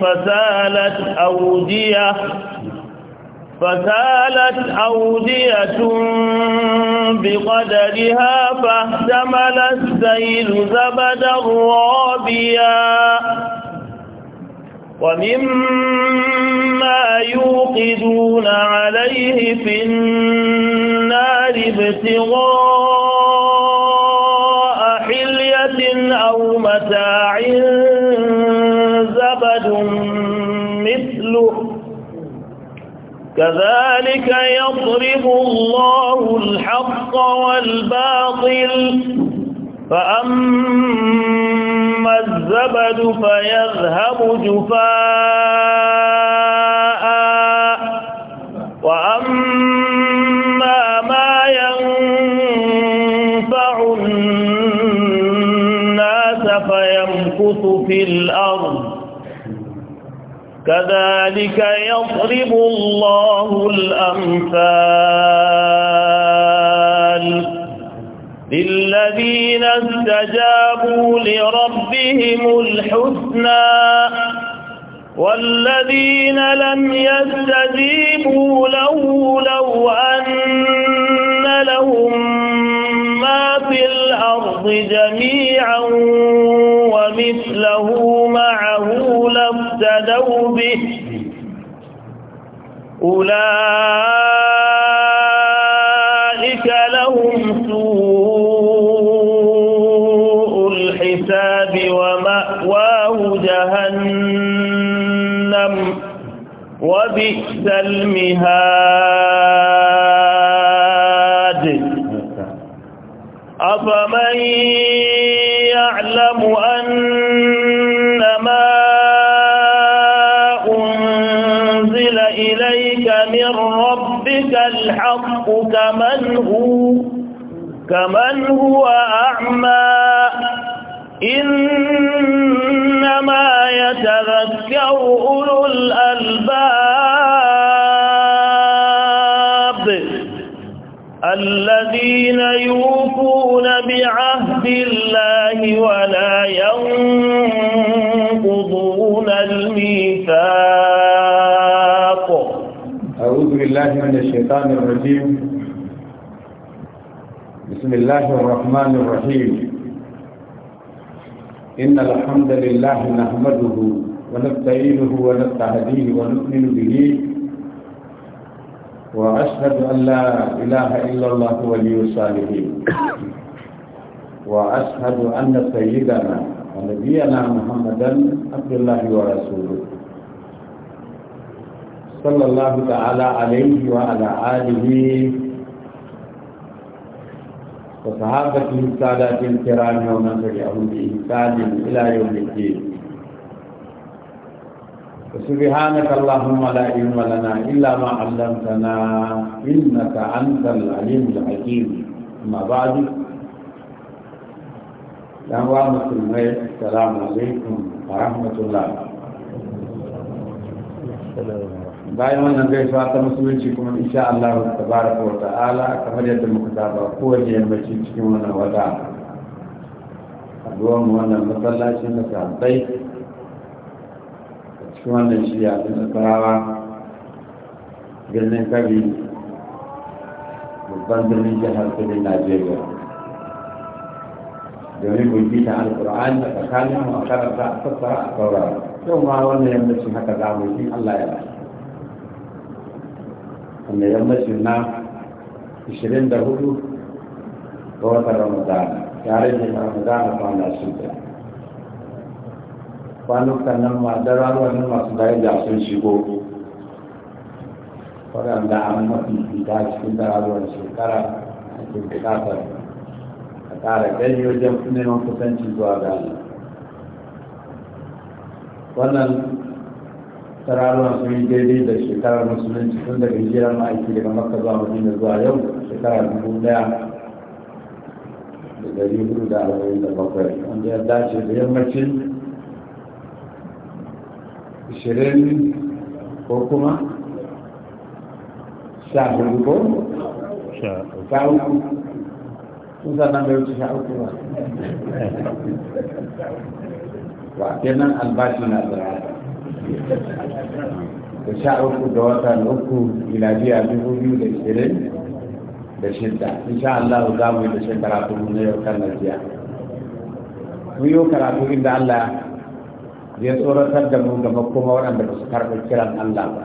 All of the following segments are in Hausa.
فسالت أودية فسالت أودية بقدرها فاحتمل السيل زبدا رابيا ومما يوقدون عليه في النار ابتغاء حلية أو متاع كذلك يضرب الله الحق والباطل فأما الزبد فيذهب جفاء وأما ما ينفع الناس فيمكث في الأرض كذلك يضرب الله الأمثال للذين استجابوا لربهم الحسنى والذين لم يستجيبوا له لو أن لهم في الأرض جميعا ومثله معه لابتدوا به أولئك لهم سوء الحساب ومأواه جهنم وبئس المهاد أفمن يعلم أن ما أنزل إليك من ربك الحق كمن هو كمن هو أعمى إنما يتذكر أولو الألباب بالله ولا ينقضون الميثاق أعوذ بالله من الشيطان الرجيم بسم الله الرحمن الرحيم إن الحمد لله نحمده ونستعينه ونستهديه ونؤمن به وأشهد أن لا إله إلا الله ولي الصالحين وأشهد أن سيدنا ونبينا محمدا عبد الله ورسوله صلى الله تعالى عليه وعلى آله وصحابته السادات الكرام ومن تبعهم بإحسان إلى يوم الدين سبحانك اللهم لا علم لنا إلا ما علمتنا إنك أنت العليم الحكيم أما بعد dan wa musulmai salamu alaikum wa rahmatullah bayan wannan gaisuwa ta musulunci kuma insha Allah tabaraka wa ta'ala kamar yadda muka saba kowace yammaci cikin wannan wata addu'ar mu wannan masallacin da sahabbai cikin wannan shiya ta nasarawa birnin kabi babban birnin jihar kudin najeriya domin gunki na alkur'ani da tsakanin mu a karanta a sassara a saurara yau ma wannan yammacin haka za mu yi Allah ya lafi wannan yammacin na 24 ga watan ramadana tare da ramadan kwana shida kwanukan nan ma da ranar masu da sun shigo waɗanda an mafi fita cikin darajar shekara a cikin bukatar kara gani wajen neman kusanci zuwa ga Allah wannan sararuwan sun yi daidai da shekarar musulunci tun daga hijirar ma'aiki daga makka zuwa madina zuwa yau shekarar dubu daya da dari hudu da arba'in da bakwai wanda ya dace da yammacin ashirin ko kuma sha hudu ko sha uku sun sannan bai wuce sha uku ba wa kenan albashi na zira da sha uku da watan uku miladiya dubu biyu da ishirin da shidda insha Allah za mu yi da shi karatu na yau kan najiya mu yi karatu inda Allah ya tsoratar da mu gaba kuma waɗanda ba su karɓi kiran Allah ba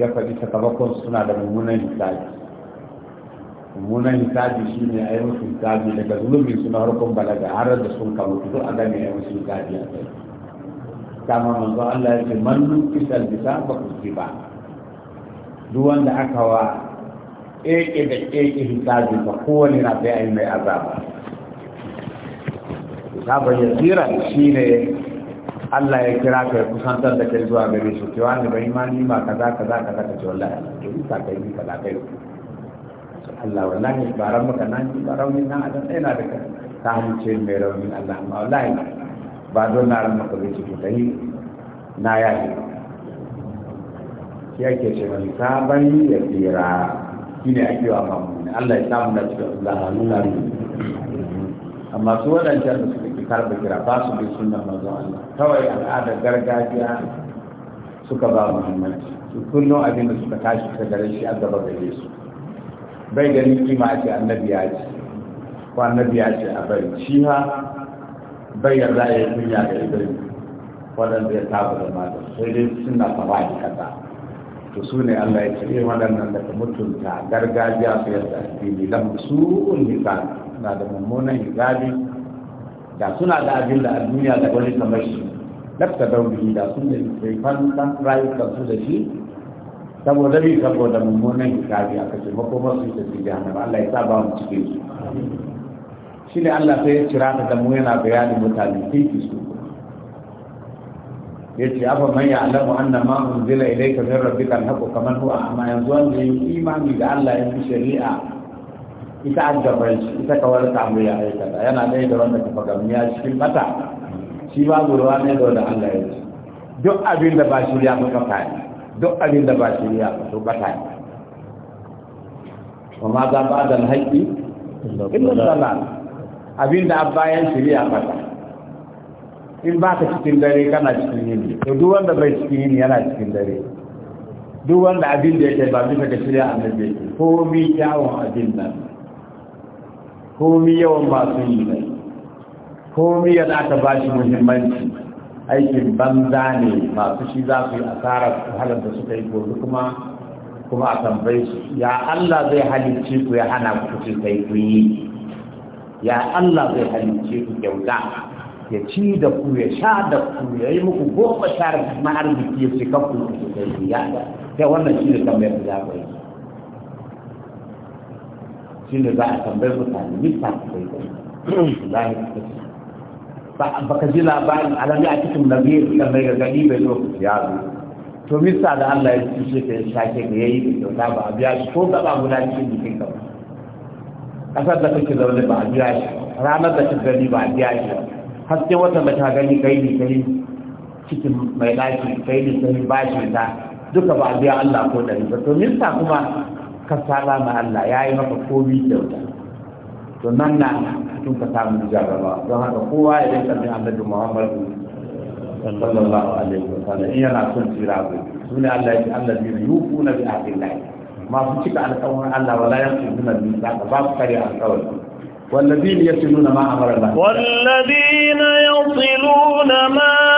ya faɗi sakamakon suna da mummunan misali. mummunan hisabi shi ne a yi musu hisabi daga zulumin su na harkon balaga har da sun kawo su a gani a yi musu hisabi a kai kama manzo Allah ya ce man nukisa bisa ba ku ba duk wanda aka wa ƙeƙe da ƙeƙe hisabi ba kowane na sai a yi mai azaba hisabar ya tsira shi ne Allah ya kira ka ya kusantar da kai zuwa gare su cewa ne bai ma ni ma kaza kaza kaza ka ce wallahi yi ka kai ni kaza kai Allah wallahi baran maka nan ba raunin nan adam ɗaya na daga ta halice mai rauni Allah amma wallahi ba don na ran maka zai ciki dai na yayi shi ake ce ta sabon ya tsira shi ne ake wa mamuni Allah ya samu da cikin Allah nuna amma su waɗancan da suka ki da kira ba su bi sunan manzon Allah kawai al'adar gargajiya suka ba muhimmanci su kullum abin da suka tashi ta gare shi a gaba gare su bai ganin kima a ce annabi ya ce ko annabi ya ce a bari shi ha bai yarda ya yi kunya ga ibrahim waɗanda ya tabu da mata sai dai suna saba da kasa to su ne allah ya ce eh waɗannan da ka mutunta gargajiya su yarda addini lam su nisan na da mummunan hijabi. da suna da abin da a duniya da wani kamar shi da dauri da sun da sai fan su da shi saboda bi saboda mummunan kitabi aka ce makomar su ta cikin jahannama Allah ya sa ba mu cikin su shi ne Allah sai ya cira ta da mu yana bayanin mutane kiki su ya ce afa man ya alamu anna ma unzila ka min rabbika kan haku kamar huwa amma yanzu wanda yi imani da Allah ya fi shari'a ita gabar shi ita kawar ta mu ya aikata yana ɗaya da wanda ka faga miya cikin mata shi babu gurwa ne da wanda Allah ya ce duk abin da ba shi ya maka fadi duk abin da ba ya to bata ne wa ma za ba da haƙi illa dalal abin da bayan shirya bata in ba ka cikin dare kana cikin yini to duk wanda bai cikin yini yana cikin dare duk wanda abin da yake ba bisa ga shirya annabi yake komi kyawun abin nan komi yawan masu yi ne komi yadda aka ba shi muhimmanci aikin banza ne masu shi za su yi asarar halar da suka yi gobe kuma kuma a tambaye su ya Allah zai halicce ku ya hana ku kuce kai ku yi ya Allah zai halicce ku kyauta ya ci da ku ya sha da ku ya yi muku goma sha na arziki ya ce kan ku kuce kai ku ya sai wannan shi ne tambayar da za ku yi shi ne za a tambayi mutane mutane kai kai za a yi ba ka ji labarin alami a cikin nabi da mai gargadi bai zo ya zo to mista da Allah ya ci shi ka ya shake ka yayi da kyauta ba a biya shi ko ba guda cikin jikin ka Ƙasar da kake zaune ba a biya shi ranar da kake gani ba a biya shi haske watan da ka gani kai ne kai cikin mai ɗaki kai ne kai ba shi ta duka ba a biya Allah ko dari ba to mista kuma ka saba ma Allah ya yi maka komi kyauta to nan na sun ka samu ba? don haka kowa ya rinka bin annabi muhammad sallallahu alaihi wasallam in yana son tsira ku sune Allah ya Allah bi yuquna bi aqillahi masu cika alƙawarin Allah wala yaquluna bi saka babu kare alƙawarin والذين يصلون ما أمر الله والذين يصلون ما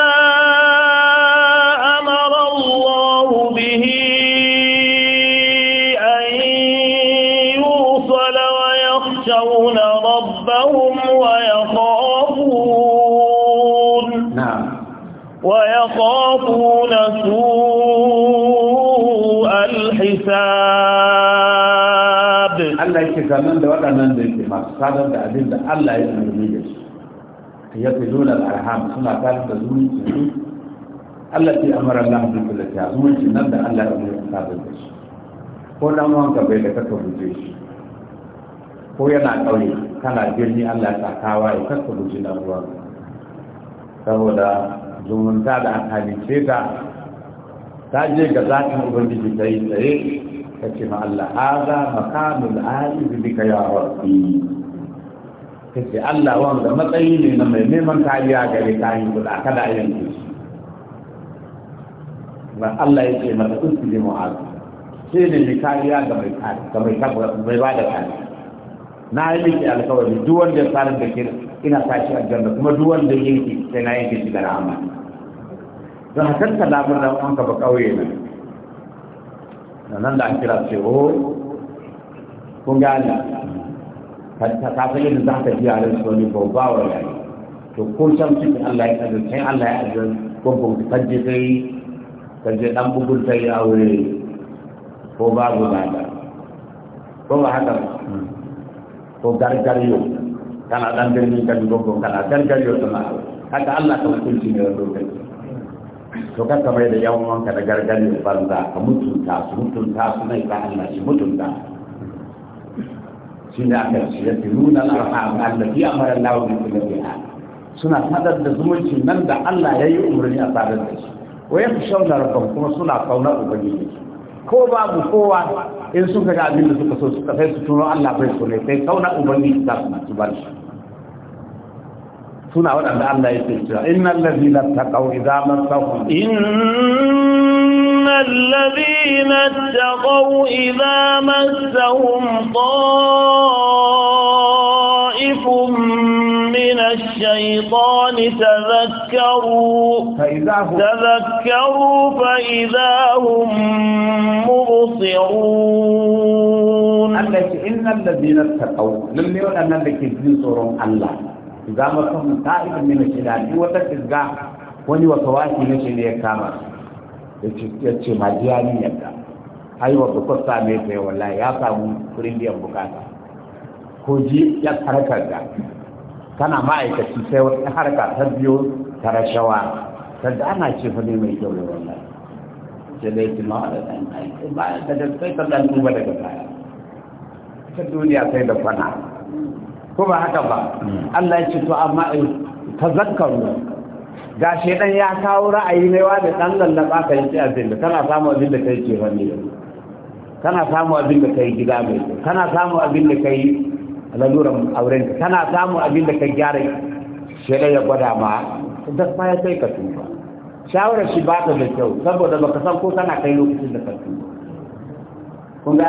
ويخافون سوء الحساب الله يكي زمان ده وقت نان ده يكي مقصادا ده أبين ده الله يكي مرميجس يبدون الأرحام سنة تالي تزوني تزوني أمر الله بكل تيا زوني تي الله يكي مقصادا ده هو نعم وانك بيكا تكتب جيش هو كان جيني الله تكاوي تكتب جيش zumunta da aka halice ta ta je ga zaɓin ubangiji ta yi tsaye ta ce ma Allah haza makamul a'izu bika ya rabbi ta ce Allah wanda matsayi ne na mai neman kariya gare ta yi kuɗa kada yanke shi ba Allah ya ce mata usuli mu'azu ke ne mai kariya ga mai ba da kariya na yi miki alkawari duk wanda ya sanin da kira ina sashi aljanna kuma duk wanda ya yi sai na yanke shi da rahama don haka ta labar da an ka ba kauye nan nan da an kira ce o oh, kun gane ta ta san yadda za ka ji a rai su wani babba wa yayi to ko san cikin Allah ya azan sai Allah ya azan ko ko kaje sai kaje dan bugun sai aure ko babu ba ko ba haka hmm. ko gargariyo kana dan birni ka dubo ko kana gargariyo sama haka Allah ka mutunci ne da kai to kaka mai da yawan wanka da gargariyo banza ka mutunta su mutunta su mai ka Allah shi mutunta shi ne aka ce ya tiluna al-arham allati amara Allah bi kulliha suna sadar da zumunci nan da Allah ya yi umarni a sadar da shi wa yakhshawna rabbahum kuma suna kauna ubangiji ko babu kowa in suka ga abin da suka so suka sai su tuno Allah bai so ne sai kauna ubangiji za su bar shi suna waɗanda Allah ya ce cewa innal ladina taqaw idza masahum innal ladina taqaw idza masahum ta'ifum min ash-shaytan tadhakkaru fa idza hum tadhakkaru fa idza hum innal ladina taqaw lalle waɗannan da ke jin tsoron Allah za mu san ta'ib min shidati wata tizga wani wata waki na shi ne ya kama ya ce ma jiya ni yadda ai wa ko me sai wallahi ya samu kurin biyan bukata ko ji ya harkar ga kana ma'aikaci sai wata harka ta biyo ta rashawa sadda ana ce fa ne mai kyau ne wallahi sai dai ki ma da dan ai ba da sai ka ɗan duba daga baya ta duniya sai da kwana ko ba haka ba Allah ya ce to amma tazakkaru ga shedan ya kawo ra'ayi ne wa da dan lallaba ka yi azin da kana samu abin da kai ke wani kana samu abin da kai gida mai kana samu abin da kai laluran auren ka kana samu abin da kai gyara shedan ya gwada ma da ba ya kai ka tuba shawarar shi ba ta da kyau saboda baka san ko kana kai lokacin da ka tuba kun ga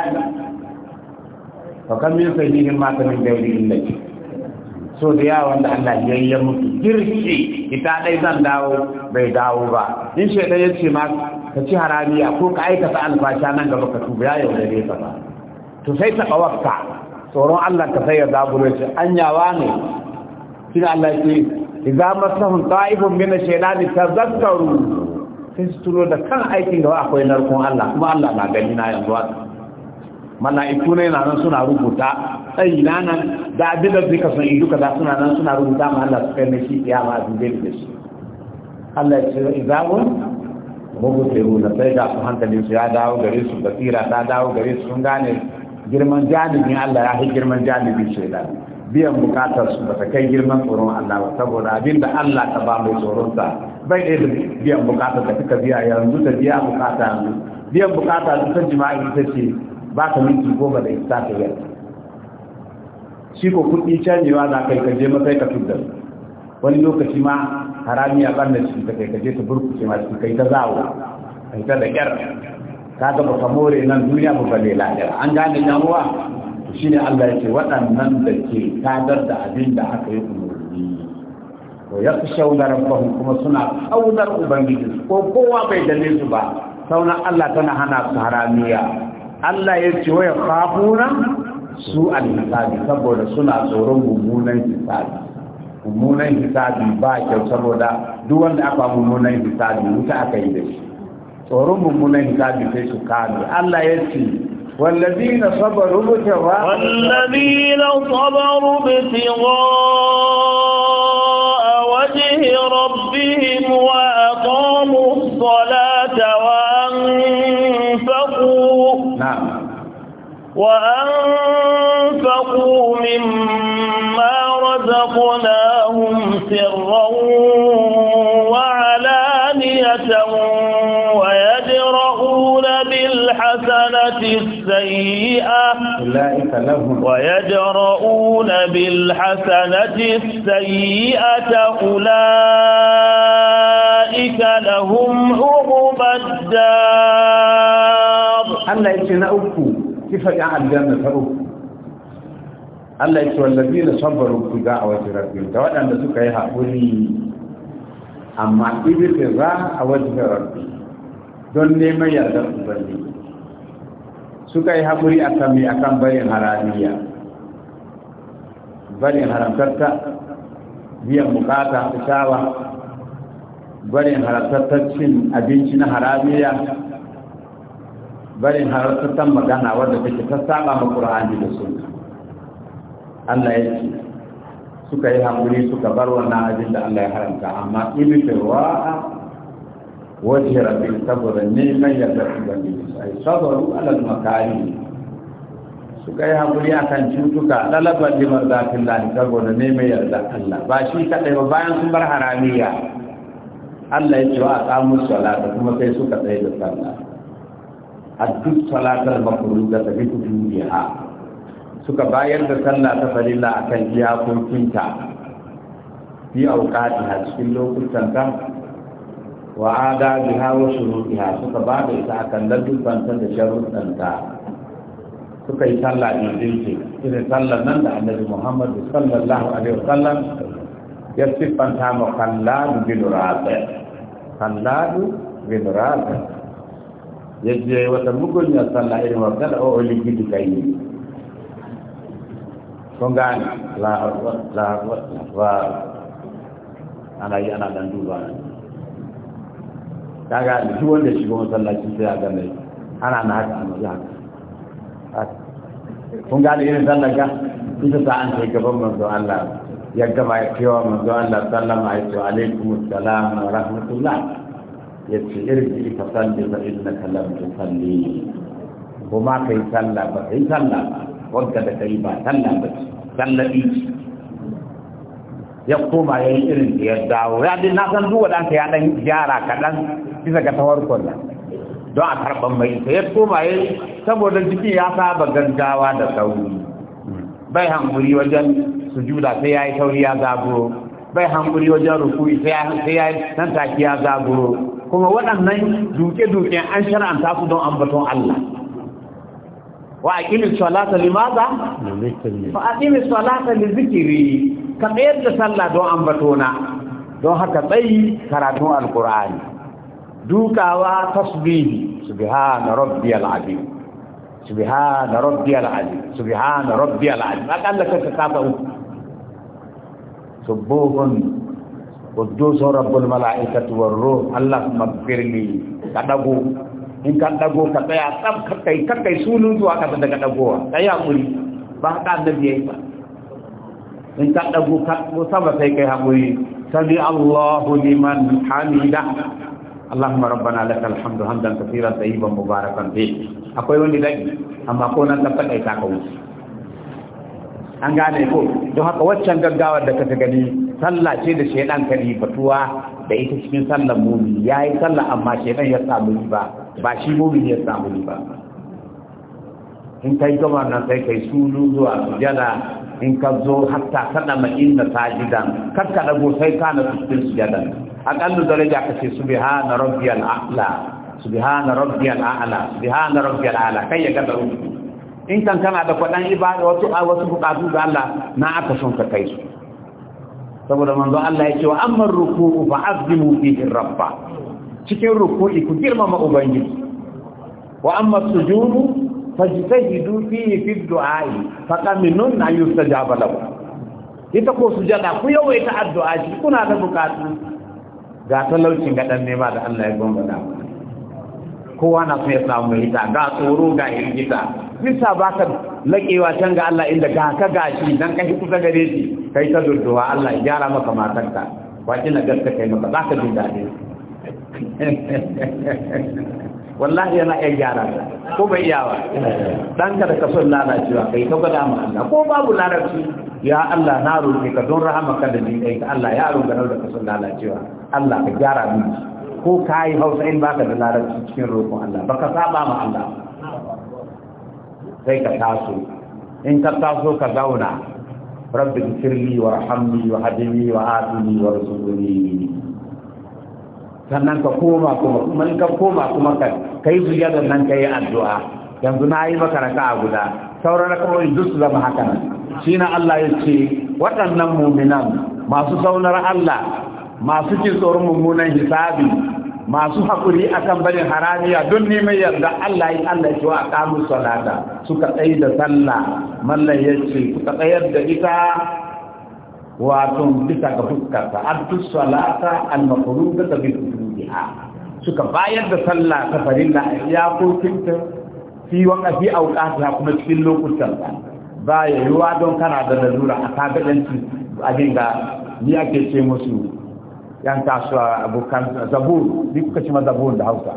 to kam min sahihin ma ta min gairi illati so da ya wanda Allah ya yi mutu girki ita dai zan dawo bai dawo ba in shaidan ya yace ma ka ci haramiya ko ka aikata alfasha nan gaba ka tuba ya da ka ba to sai ta kawarta tsoron Allah ka sai ya zabulo shi anyawa ne shi Allah ya ce idza masahum ta'ifun min ash-shaytani tazakkaru sai su tuno da kan aikin da akwai narkon Allah kuma Allah na gani na yanzu mana ikune na nan suna rubuta tsayi na nan da abin da suka san ido kaza suna nan suna rubuta ma Allah su ne shi ya ma abin da shi Allah ya ce izabun mubutsiru na sai da su hankali su ya dawo gare su basira ta dawo gare su sun gane girman jalibi Allah ya hi girman jalibi janibin da biyan bukatar su ba ta kai girman tsoron Allah ba saboda abin da Allah ta ba mai tsoron sa bai da biyan bukatar da kika biya yanzu ta biya bukata yanzu biyan bukata ta jima'i ta ce ba ka minti goma da isa ka yi shi ko kuɗi canjewa za ka yi ka je matsayi ka tuddar wani lokaci ma harami a ɓarnar ciki ta kai ka je ta burkuce ma shi kai ta zawo kai ta da ƙyar ka ga baka more nan duniya ba bale lahira an gane yan shi ne Allah ya ce waɗannan da ke kadar da abin da aka yi umarni to ya fi shaunar rabbahun kuma suna kaunar ubangiji ko kowa bai dane su ba sauna Allah tana hana su haramiya Allah ya ce waya khafuna su annabi saboda suna tsoron mummunan hisabi mummunan hisabi ba kyau saboda duk wanda aka mummunan hisabi wuta aka yi da shi tsoron mummunan hisabi sai su kame Allah ya ce والذين صبروا ابتغاء والذين صبروا ابتغاء وأنفقوا مما رزقناهم سرا وعلانية ويدرؤون بالحسنة السيئة ويدرؤون بالحسنة السيئة أولئك لهم عقب الدار الله يتنا أكو kifa yan aljanna ta uku Allah ya ce wallafi na sabbaru ku ga a wajen rabbi da waɗanda suka yi haƙuri amma ibirin za a wajen rabbi don neman yardar ubangi suka yi haƙuri a kan mai akan barin haramiya barin haramtarta biyan bukata fitawa barin haramtartar cin abinci na haramiya barin san magana wadda take ta saba ma Qur'ani da Sunna Allah ya ce suka yi hankuri suka bar wannan abin da Allah ya haramta amma ibtirwa'a wajhi rabbil sabr neman yadda ubangiji sai sabaru ala makari suka yi hankuri akan cutuka lalabar limar zafin lahi saboda mai yarda Allah ba shi kaɗai ba bayan sun bar haramiya Allah ya ce wa a tsamun salata kuma sai suka tsaye da sallah a duk salatar makuru da tafi ha suka bayar da sallah ta farilla a kan iyakokinta fi auƙati a cikin lokutanta wa ada biha wa shuruɗiha suka ba da ita a kan ta da ta suka yi sallah dinki irin sallar nan da annabi muhammadu sallallahu alaihi wasallam ya siffanta ma kalladu bin rafi kalladu bin rafi ya je ah. wata mugunyar sallah irin wa kada o oligi ka yi gane laharwar ana yi ana dan duba ne ta gane shi wanda sai a gane ana na haka a maza haka gane irin ita ta an sai gaban manzo Allah ya gama ya kewa manzo Allah sallama ya ce wa rahmatullah ya ce irji fa salli inna innaka lam Ko kuma kai sallah ba kai sallah ba wanda da kai ba sallah ba sallabi ya koma ya yi irin da ya dawo ya din na san zuwa ka ya ɗan gyara kaɗan bisa ga tawarkon nan don a karɓar mai ta ya koma ya yi saboda jiki ya saba gaggawa da sauri bai hankuri wajen sujuda sai ya yi sauri ya zaburo bai hankuri wajen rukuri sai ya yi nan take ya zaburo kuma waɗannan duke-duke an shar'anta su don ambaton Allah wa aqimis salata limaza fa aqimis salata li zikri ka tsayar da sallah don ambatona don haka tsayi karatun alqur'ani dukawa tasbihi subhana rabbiyal azim subhana rabbiyal azim subhana rabbiyal azim akalla ka kafa uku subuhun قدوس رب الملائكة والروح اللهم اغفر لي كدغو in ka dago ka tsaya tsam ka kai ka kai sunun zuwa ka daga dagowa kai hakuri ba ka annabi yayi ba in ka dago ka ko sama sai kai hakuri sami Allahu liman hamida Allahumma rabbana lakal hamdu hamdan katiran tayyiban mubarakan fi akwai wani dai amma ko nan ka kai ta ka wuce an gane ko don haka waccan gaggawar da ka gani sallah ce da shaidan ka ribatuwa da ita cikin sallar mumi ya yi sallah amma shaidan ya samu riba ba shi mumi ya samu riba in yi gama nan sai kai sulu zuwa sujada in ka zo hatta kada ma inna sajidan kar ka dago sai ka na cikin sujadan aqallu daraja ka ce subhana rabbiyal a'la subhana rabbiyal a'la subhana rabbiyal a'la kai ya gada da in kan kana da kwadan ibada wasu wasu bukatu ga Allah na aka son ka kai su saboda manzo Allah ya ce wa amma ruku'u fa azimu fihi rabba cikin ruku'i ku girmama ubangiji wa amma sujudu fajtahidu fihi fi du'a'i faqaminun an yustajaba lahu ita ko sujada ku yawaita addu'a shi kuna da bukatu ga talaucin ga dan nema da Allah ya gombata kowa na so ya samu ita ga tsoro ga hirgita bisa ba ka laƙewa can ga Allah inda ga ka gashi don ka shi kusa gare shi kai ta durduwa Allah ya gyara maka matarka wace na gaska kai maka za ka jin daɗi wallahi yana iya gyara ta ko bai iya ba ɗanka da kaso lalacewa kai ta gwada ma Allah ko babu larabci ya Allah na roƙe ka don rahama ka da ni kai ka Allah ya roƙe da kaso lalacewa Allah ka gyara mini ko ka yi hausa in baka da larabci cikin roƙon Allah ba ka saba ma Allah sai ka taso in ka taso ka zauna rabbi firli wa rahamni wa hadini wa adini wa rasuluni sannan ka koma kuma kuma ka koma kuma ka kai da nan ka yi addu'a yanzu na yi maka a guda sauran kawai duk su zama haka nan shi na Allah ya ce waɗannan muminan masu saunar Allah masu cin tsoron mummunan hisabi masu haƙuri akan barin haramiya don neman yarda Allah yi Allah ya wa kamun salata suka tsaye da sallah mallan ya ce suka tsayar da ita wato bisa ga fuskarta abdus salata al-maqruda ta bi suka bayar da sallah ta da ya kokinta fi fi awqatiha kuma cikin lokutan ba ya wa don kana da lalura a kagadanci a dinga ni ake ce musu yan kasuwa abokan zabur ni kuka ci da hausa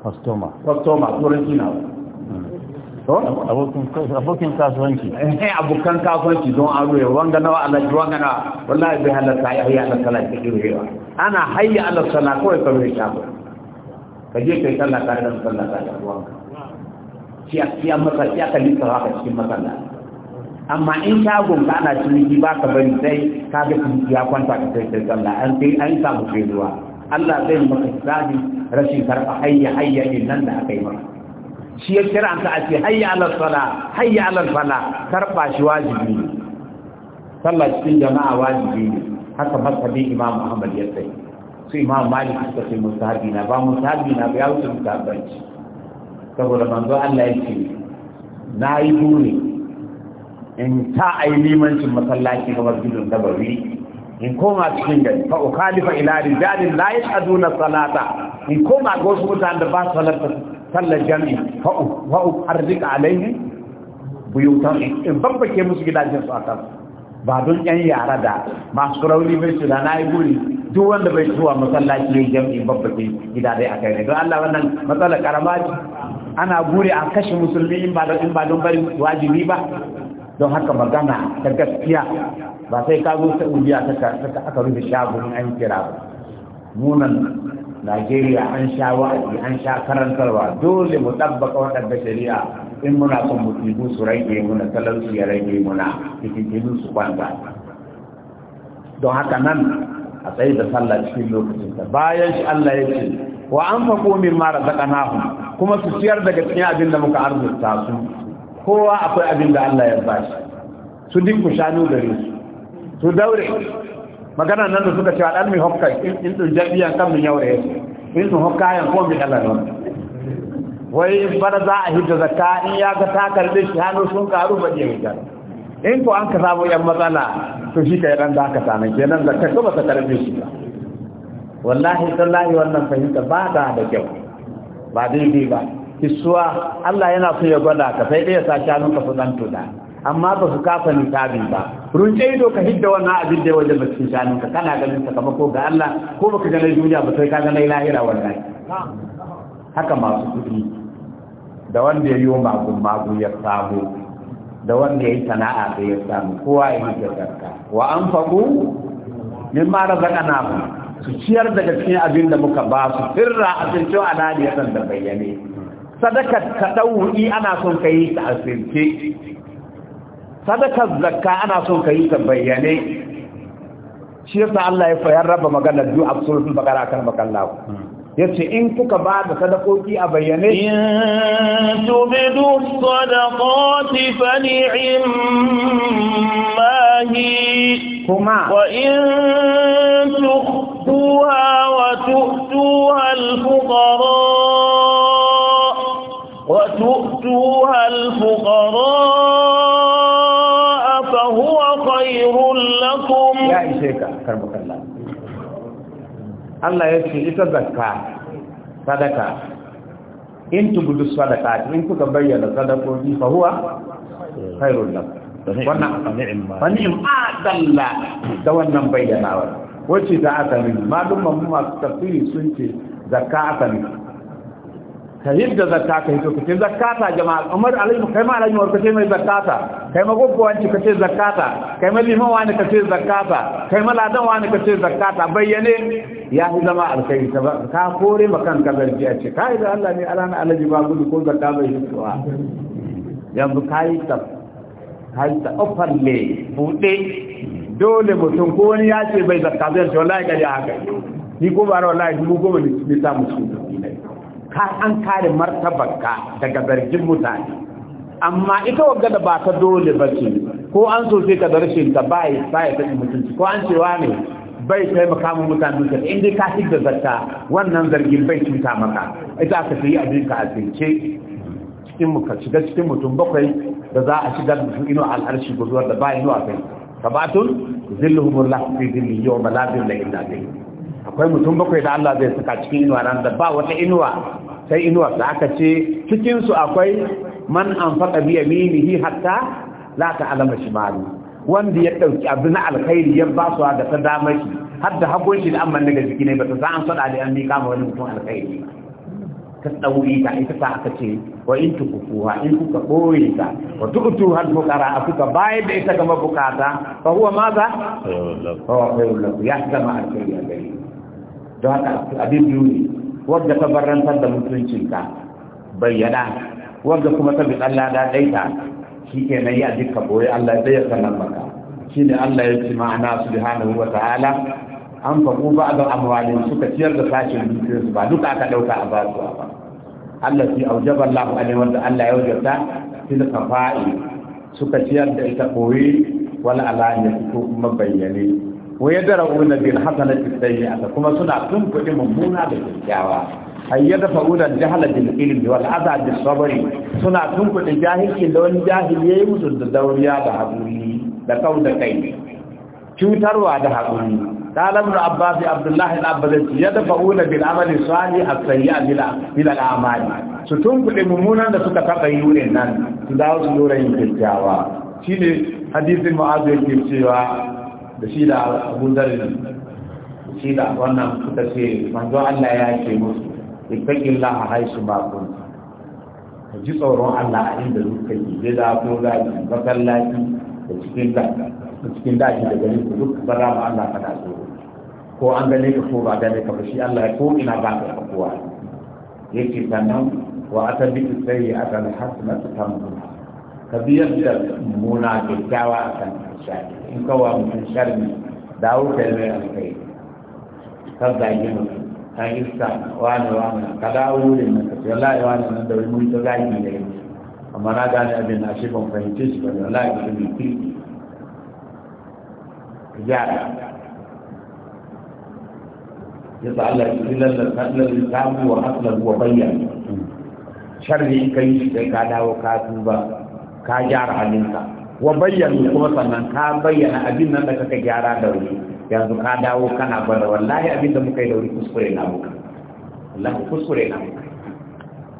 customer customer turanci na abokin kasuwanci eh abokan kasuwanci don aro ya wanga nawa alaji wanga na wallahi bai halatta ya ala Allah sallah ta kirhewa ana hayya ala kawai ka bai shafa ka je kai sallah ka da sallah ka da wanga shi a kiyamata ya ka haka cikin masallaci amma in shagon ka ana ciniki ba ka bari sai ka ga ciniki ya kwanta ka sai sai sallah an sai an samu feluwa Allah zai maka sadi rashin karɓa hayya hayya din nan da aka yi maka shi ya kira ka a ce hayya ala sala hayya ala sala karɓa shi wajibi ne sallah cikin jama'a wajibi ne haka masabi imam Muhammad ya sai su imam Malik suka ce musahabi na ba musahabi na ba ya wuce musahabanci saboda manzo Allah ya ce na yi buri in ta a yi limancin masallaci ga masjidin nabawi in koma cikin gari fa ukhalifa ila rijalin la yashaduna salata in koma ga wasu mutanen da ba salata sallar jami'i fa fa uharrika alaihim buyutan in babbake musu gidajen su akan ba don yan yara da masu rauni bai su da na yi guri duk wanda bai zuwa masallaci ne jami'i babbake gidadai akai ne don Allah wannan matsala karama ana guri a kashe musulmi in ba don bari wajibi ba don haka magana ta gaskiya ba sai ka zo ubiya ta aka rufe shagon an kira ba munan najeriya an sha wa'azi an sha karantarwa dole mu ɗabbaka waɗanda shari'a in muna son musibu su rage muna talauci ya rage muna fitintinu su kwanta don haka nan a tsaye da sallah cikin lokacin lokacinta bayan shi allah ya ce wa an faƙo min mara zaƙa kuma su ciyar daga cikin abin da muka arzuta su kowa akwai abin da Allah ya ba shi su dinku shanu gare su su daure magana nan da suka cewa ɗan hokka in ɗin jabiya kan min yaure in sun hokka yan kuma min Allah ne wai bara za a hidda zakka in ya ga ta karɓe shi hannu sun karu ba je wuta in ko an ka samu yan matsala to shi kai ran da aka samu kenan zakka ko ba ta karɓe shi ba wallahi tallahi wannan fahimta ba da da kyau ba daidai ba kisuwa Allah yana so ya gwada ka sai ɗaya sa shanun ka su dan tuda amma ba su kafa tabin ba runce ido ka hidda wannan abin da wajen cikin shanun ka kana ganin sakamako ga Allah ko baka ga duniya ba sai ka ganin lahira wallahi haka masu kuɗi da wanda ya yi magun magun ya samu da wanda ya yi sana'a da ya samu kowa ya yi zakka wa an faku min ma razaqana su ciyar daga cikin abin da muka ba su firra a cikin san da bayyane sadakar taɗawu'i ana son kai ta asirce sadakar zakka ana son kai ta bayyane shi yasa Allah ya fayar raba magana du a bakara kan bakallahu yace in kuka ba da sadakoki a bayyane in tubidu sadaqati fa ni'mahi kuma wa in tukhfuha wa tu'tuha al-fuqara يؤتوها الفقراء فهو خير لكم يا شيخ كربك الله الله يكفي يتزكى صدقة إن تبدو الصدقات إن تبين صدقه فهو خير لكم فنعم adalla da wannan bayyanawa wacce da aka nuna malumman masu tafsiri sun ce zakka aka ka yadda zakka ka hito kace zakata jama'a kamar alai kai ma alai warka ce mai zakata kai ma ka ce zakata kai ma liman wani ce zakata kai ma ladan wani ka ce zakata bayyane ya yi zama alkai ta ba ka kore ma kanka zargi a ce kai da Allah ne alana alaji ba gudu ko zakka bai fitowa yanzu kai ta kai ta ofalle bude dole mutum ko wani ya ce bai zakka zai ce wallahi kai ya haka ni ko ba wallahi dubu goma ne ta musu ka an kare martabarka daga zargin mutane amma ita wagga da ba ta dole ba ce ko an so sai ka da rashin ta ba ya mutunci ko an cewa ne bai taimaka mu mutane ka in dai ka fi da zakka wannan zargin bai cuta maka ita aka yi abin ka azince cikin muka ka shiga cikin mutum bakwai da za a shiga da su ino al'arshi guzuwar da ba ino a kai kabatun zilluhumullah fi zilli yawma la da illa bihi akwai mutum bakwai da Allah zai saka cikin inuwa nan da ba wata inuwa sai inuwa da aka ce cikinsu akwai man faɗa biya mimihi hatta za alama shi malu, wanda ya ɗauki abu na alkhairi ya ba su da ta dama shi har da hagun shi da amman daga jiki ba ta san an sada da yan mika ma wani mutum alkhairi ta ɗauri ta ita ta aka ce wa in ha in kuka ɓoye ta wa har bukara a kuka bayan da ita gama bukata ba huwa maza za? Oh, ya gama alkhairi alkhairi don haka abin biyu ne wadda ta barantar da mutuncinka bayyana wadda kuma ta biɗan lada ɗaita shi ke nan a jika boye Allah zai ya sanar maka shi ne Allah ya ci ma'ana su bi hannu ta hala, an faɗu ba a amwalin suka ciyar da sashen dukiyarsu ba duka aka ɗauka a ba su ba Allah fi aujaba Allah alai wanda Allah ya wajabta tilka fa'i suka ciyar da ita boye wala alaniya ko kuma bayyane wa yadra'una bil hasanati sayyi'ata kuma suna tunkuɗe mummuna da kyakkyawa ay yadfa'una al-jahla bil ilmi wal adha bis sabri suna tunkuɗe jahilci da wani jahili yayi musu da dauriya da da da cutarwa da hakuri قال ابن عباس عبد الله بن عباس يدفعون بالعمل الصالح السيئة بلا الأعمال ستون كل ممونا da suka taba yi wurin nan su dawo su dora yin kyakkyawa shine hadisin mu'azu yake da shi da abun zarin shi da wannan suka ce manzo Allah ya ce musu ittaqin la haisu ma kun ka ji tsoron Allah a inda duka ke gida ko zaki masallaci da cikin da cikin daji da garin ku duk ba za mu Allah kana so ko an gane ka ko ba gane ka ba shi Allah ko ina ba ka kowa yake sannan wa atabi sayyi'atan hasanatan tamduha ka biyar da muna kyakkyawa a kan shari in kawo mutum sharmi dawo ka yi mai alkai ka zagi mutum kan iska wani wani ka dawo wurin na kasu wallahi wani nan da wani mun ta zagi da yi amma na gane abin na shi ban fahimce shi ba da wallahi da wani kirki gyara يتعلق إلى الإسلام وأصله وبيانه شر كيش كادا وكاتبا ka gyara halinka wa bayyana kuma sannan ka bayyana abin nan da kaka gyara da wuri yanzu ka dawo kana bar wallahi abin da muka yi da wuri kuskure na muka wallahi kuskure na muka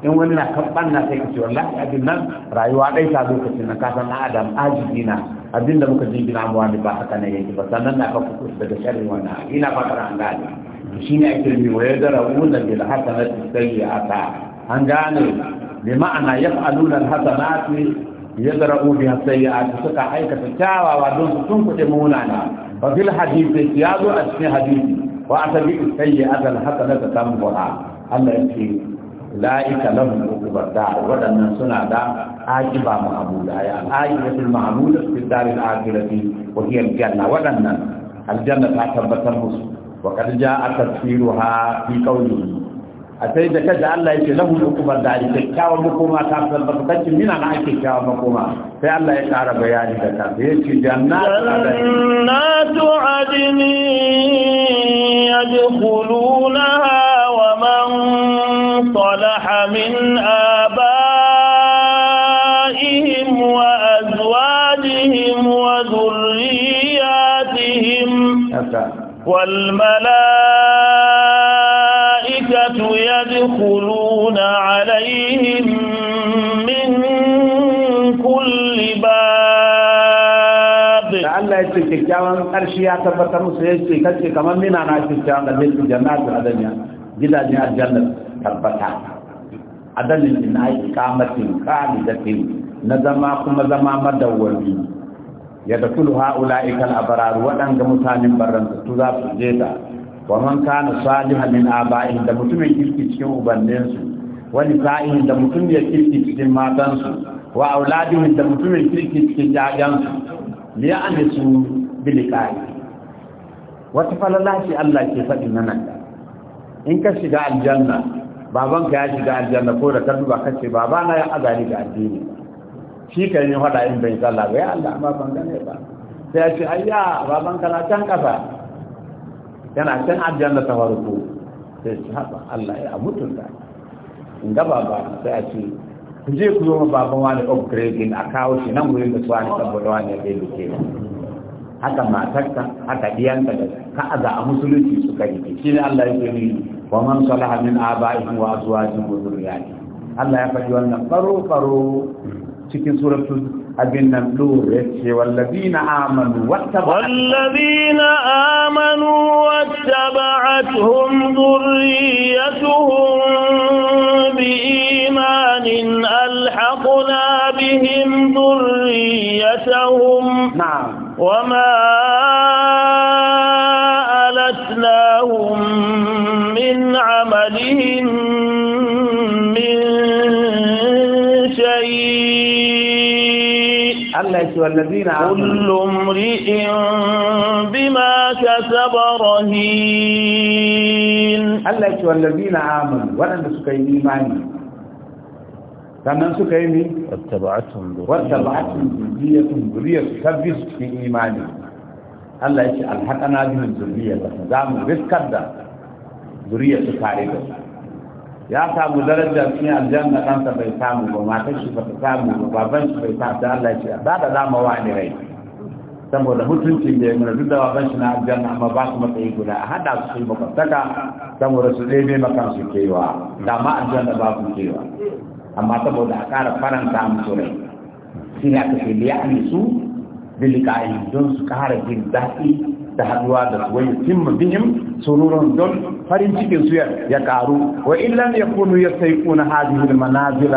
in wani na kamban na sai ka ce wallahi abin nan rayuwa dai ta lokacin na san na adam ajibi na abin da muka jingina mu wani ba haka ne yake ba sannan na ka kuku daga sharri wannan ina ba tara an gane shi ne ake mi waye da na bil ya asa? an gane bi ma'ana yaf'aluna al hasanati yazra'u biha sayyi'ati suka aikata kyawawa don su tunkuɗe munana fa fil hadisi ya zo a cikin hadisi wa atabi sayyi'atan hasanata tambuha Allah ya ce la'ika lahum uqbar dar wadannan suna da aqiba mahmuda ya aqibatul mahmuda fi daril akhirati wa hiya al-janna wadannan al-janna ta tabbatar musu wa qad ja'a tafsiruha fi qawlihi a sai da kada Allah yake lahu hukumar da ake kyawun makoma ta tabbataccen mina na ake kyawun makoma sai Allah ya ƙara bayani da kansa ya ce jannatu adini yadkhulunaha wa man salaha min abaihim wa azwajihim wa dhurriyyatihim والملائكة يدخلون عليهم من كل باب ce يتي كيكاوان قرشي يا تبتا musu yace kace kamar mina na kikkiawan da bin jannatu adanya gidajen aljanna tabbata adalin din ai kamatin kalidatin na zama kuma zama madawwami ya da kullu ha'ula'ikal abrar waɗanda mutanen barran su ta wa man kana salihan min aba'ihim da mutumin kirki cikin ubanninsu wa nisa'ihim da mutumin kirki cikin matansu wa auladihim da mutumin kirki cikin ƴaƴansu li ya'nisu bil qa'i wata falalashi Allah ke faɗi nan in ka shiga aljanna babanka ya shiga aljanna ko da ka duba ka ce babana ya azani ga addini shi ka yi faɗa in bai sallaba, ya Allah amma ban gane ba sai ya ce ayya babanka na can kasa yana can aljanna ta farko sai su haɗa Allah ya mutunta in gaba ba sai a ce ku je ku zoma wa baban wani upgrading a kawo shi nan wurin da suwani saboda wani ya bai ke haka matarka haka diyanka da ka a musulunci su ka yi shi ne Allah ya ce ni wa man salaha min aba'ihim wa azwajihim wa dhurriyyatihim Allah ya faɗi wannan faro faro cikin suratul أبن نبلور والذين آمنوا واتبعتهم والذين آمنوا واتبعتهم ذريتهم بإيمان ألحقنا بهم ذريتهم نعم وما ألتناهم من عملهم الناس والذين كل امرئ بما كسب رهين الله والذين امنوا وان سكن ايماني كمن سكن اتبعتهم واتبعتهم ذريتهم ذريه كبس في ايماني الله يجعل حقنا بهم ذريه زام رزقنا ذريه كاريه ya samu darajar cikin aljanna kansa bai samu ba matar shi ba ta samu ba baban shi bai samu da Allah ya ba da zama wa ne rai saboda mutuncin da ya mura duk da baban shi na aljanna amma ba su matsayi guda a hada su su makwabtaka saboda su ɗebe makan su kewa da ma aljanna ba su kewa amma saboda a ƙara faranta musu rai shi ne aka ce liya su bilikayi don su ƙara jin daɗi da haduwa da su wai timma bihim sururun don farin cikin su ya karu wa illam yakunu yastayquna hadhihi almanazil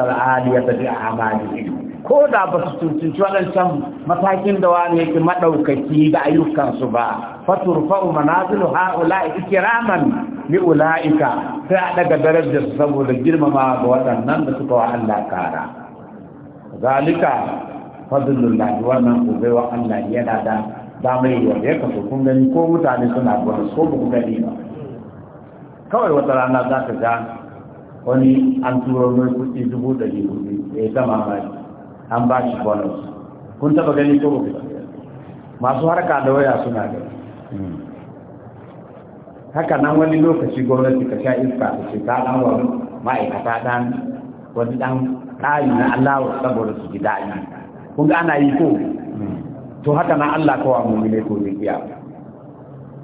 ji amani. ko da ba su tuntunci waɗancan matakin da wani yake maɗaukaki da ayyukansu ba faturfa'u manazilu ha'ula'i ikiraman li ula'ika sai a daga darajar su saboda girmama ga waɗannan da suka wa Allah kara zalika fadlullah wannan wa Allah yana da ba mai yiwa ya kaso kun gani ko mutane suna bonus ko ba ku gani ba kawai wata rana za ka ga wani an turo mai kuɗi dubu ɗari hudu ya yi ta mamaki an ba shi bonus kun taba gani ko ba masu harka da waya suna da hmm. haka nan wani lokaci gwamnati ka sha iska ta ce ta ɗan wani ma'aikata dan wani ɗan ƙari na allawa saboda su ji daɗi kun ga ana yi ko hmm. to haka na Allah kawa mummune ko ne iya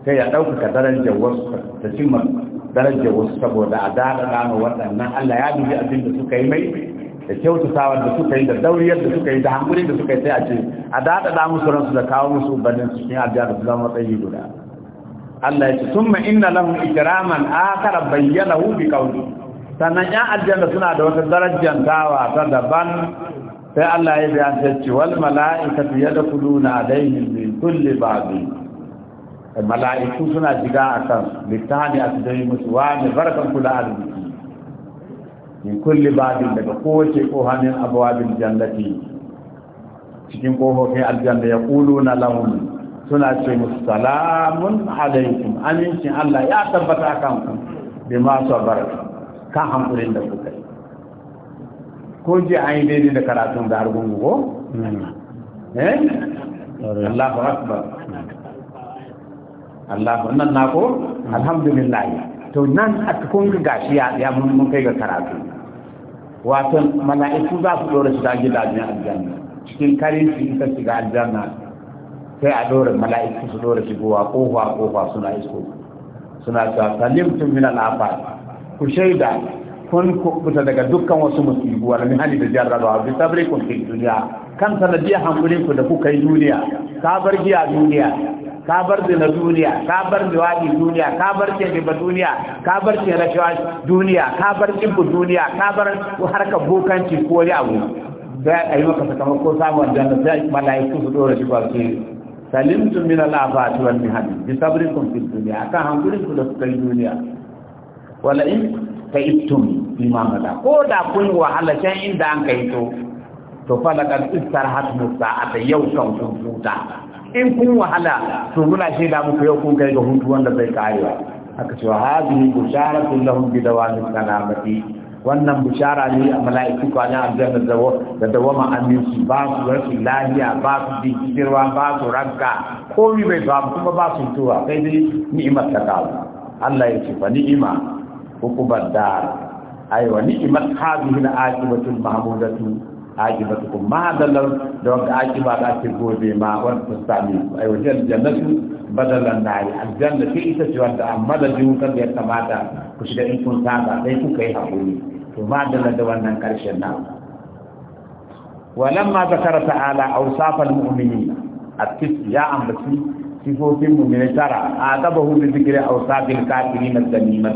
sai ya ɗaukaka darajar wasu ta cimma darajar wasu saboda a daɗa gano waɗannan Allah ya dubi abin da suka yi mai da sawar da suka yi da dauriyar da suka yi da hankulin da suka yi sai a ce a daɗaɗa musu ransu da kawo musu ubanin su cikin abiya da su zama matsayi guda Allah ya ce sun ma inna lahun ikiraman akara bayyana hu bi kauli sannan yan da suna da wata darajantawa ta daban sai Allah ya biya mala'ika ce wal mala'ikatu na alaihim min kulli babin mala'iku suna shiga akan litani asdai musu wa ne barkan kula arziki min kulli babin daga kowace kohanin abwabil jannati cikin kofofin aljanna na lahum suna ce musu salamun alaikum amincin Allah ya tabbata kan ku bi masu sabar kan hankulin da kuka ko ji an yi daidai da karatun da har gungu ko? eh? Allahu Akbar allah nan na ko? Alhamdulillah to nan a kun gashi ya mun kai ga karatu wato mala'iku za su dora shi da gidajen aljanna cikin shi in ka shiga aljanna sai a dora mala'iku su dora shigowa kofa kofa suna isko suna cewa salimtum min al ku shaida kun kubuta daga dukkan wasu musibu wal hali da jarraba bi sabrikum fi dunya kan sanadiyar hankulin ku da kuka yi duniya ka bar giya duniya ka bar zina duniya ka bar liwadi duniya ka bar kebe duniya ka bar rashawa duniya ka bar kibbu duniya ka bar harkar bokanci ko wani abu sai a yi maka sakamako samun aljanna sai mala'iku su dora shi ba su salimtu min al-afati wal mihani bi sabrikum fid dunya akan hankulin ku da kuka yi duniya wala in fa ittum bima ko da kun wahala can inda an kai to to falakar istar hatmu sa'ata yau kan kun huta in kun wahala to muna da muku yau kun kai ga hutu wanda bai karewa aka cewa hadhihi busharatun lahum bi dawami salamati wannan bushara ne a mala'iku kwanan aljanna da dawama aminci ba su rashin lahiya ba su jikirwa ba su ranka komai bai ba kuma ba su tuwa sai dai ni'imar ta kawo Allah ya ce fa ni'ima hukubar da aiwa ni'imar hadhihi na aqibatul mahmudatu aqibatukum ma dalal da wanda aqiba da ake gobe ma wanda ta sami aiwa jan jannatu badalan nari aljanna ce ita ce wanda amma da jin da ya kamata ku shiga in kun saba sai ku kai hakuri to ma dalal da wannan karshen na ولما ذكر تعالى اوصاف المؤمنين التسع يا امتي صفوف المؤمنين ترى عاتبه بذكر اوصاف الكافرين الذميمه